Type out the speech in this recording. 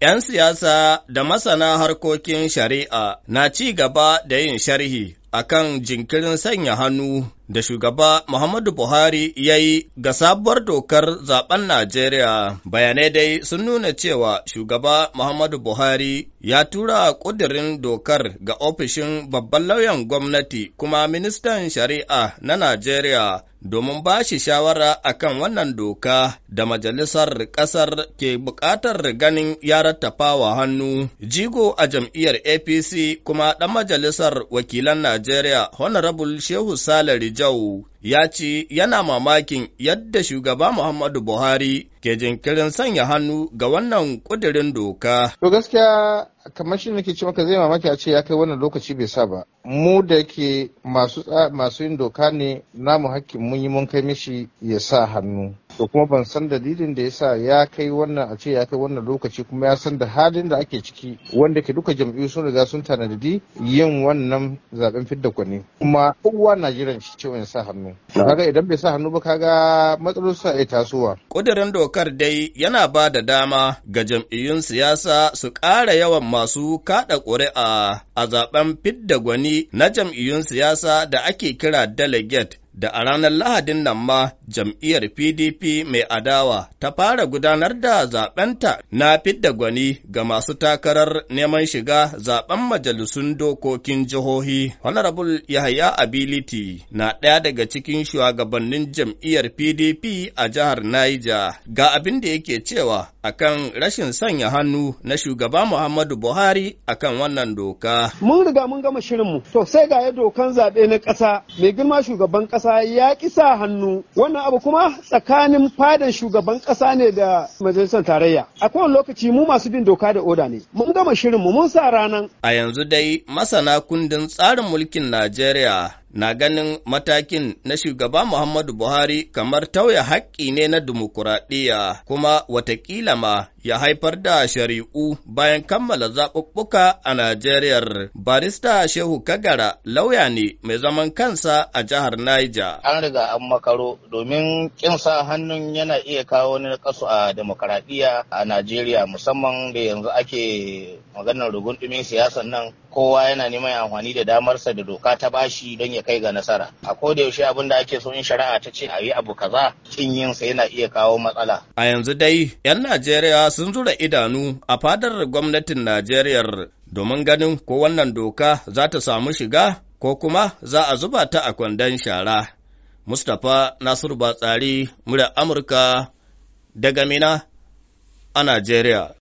‘Yan siyasa da masana harkokin shari'a na ci gaba da yin sharhi a kan jinkirin sanya hannu da shugaba Muhammadu Buhari ya yi ga sabuwar dokar zaben Najeriya. Bayanai dai sun nuna cewa shugaba Muhammadu Buhari ya tura ƙudirin dokar ga ofishin babban lauyan gwamnati kuma ministan shari'a na Najeriya domin ba shi shawara a kan wannan doka da majalisar ƙasar ke buƙatar ganin ya rattafawa hannu jigo a jam'iyyar APC kuma ɗan majalisar wakilan Najeriya Honorable Shehu salari Jau. ya ce yana mamakin yadda shugaba Muhammadu Buhari ke jinkirin sanya hannu ga wannan kudirin doka. To gaskiya kamar shi nake ce maka zai mamaki a ce ya kai wannan lokaci bai sa ba. Mu da ke masu yin doka ne namu hakkin mun yi mun kai mishi ya sa hannu. to kuma ban san dalilin da yasa ya kai wannan a ce ya kai wannan lokaci kuma ya san da halin da ake ciki wanda ke duka jam'iyyu sun riga sun tanadi yin wannan zaben fidda kwani kuma kowa na jiran shi cewa ya sa hannu kaga idan bai sa hannu ba kaga matsalolin sa ya tasowa kudirin dokar dai yana ba da dama ga jam'iyyun siyasa su ƙara yawan masu kada ƙuri'a a zaben fidda gwani na jam'iyyun siyasa da ake kira delegate da a ranar Lahadin nan ma jam'iyyar PDP mai adawa ta fara gudanar da zaɓenta na fidda gwani ga masu takarar neman shiga zaɓen majalisun dokokin jihohi. Honorable Yahaya Ability na ɗaya daga cikin shugabannin jam'iyyar PDP a jihar Niger ga abin da yake cewa akan rashin sanya hannu na shugaba Muhammadu Buhari akan wannan doka. Mun riga mun gama shirinmu, to sai ga ya dokan zaɓe na ƙasa mai girma shugaban ƙasa ya ƙi sa hannu wannan wani abu kuma tsakanin fadan shugaban kasa ne da majalisar tarayya a kowane lokaci mu masu bin doka da oda ne mun gama shirin mu mun sa ranan a yanzu dai masana kundin tsarin mulkin Najeriya na ganin matakin na shugaba Muhammadu Buhari kamar tauya haƙƙi ne na dimokuraɗiyya kuma watakila ma ya haifar da shari'u bayan kammala zaɓuɓɓuka a Najeriya. Barista Shehu Kagara lauya ne mai zaman kansa a jihar Niger. An riga an makaro domin ƙin sa hannun yana iya kawo wani a dimokuraɗiyya a Najeriya musamman da yanzu ake maganar rugun siyasar nan kowa yana neman amfani da damarsa da doka ta bashi don ya ya kai ga nasara a koda yaushe abin da ake so in shari'a ta ce a yi abu kaza kin yin sa yana iya kawo matsala a yanzu dai yan Najeriya sun zura idanu a fadar gwamnatin Najeriya domin ganin ko wannan doka za ta samu shiga ko kuma za a zuba ta a kwandon shara Mustapha Nasiru Batsari murar Amurka daga Mina a Najeriya